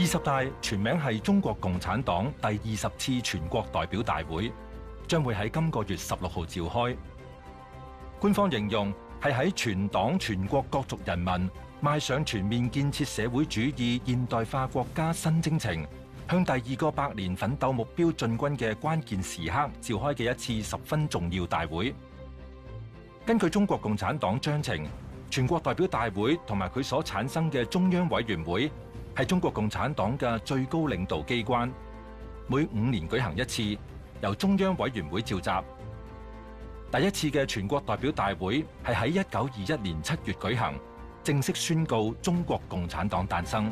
二十大全名係中國共產黨第二十次全國代表大會，將會喺今個月十六號召開。官方形容係喺全黨全國各族人民邁上全面建設社會主義現代化國家新征程、向第二個百年奮鬥目標進軍嘅關鍵時刻召開嘅一次十分重要大會。根據中國共產黨章程，全國代表大會同埋佢所產生嘅中央委員會。係中國共產黨嘅最高領導機關，每五年舉行一次，由中央委員會召集。第一次嘅全國代表大會係喺一九二一年七月舉行，正式宣告中國共產黨誕生。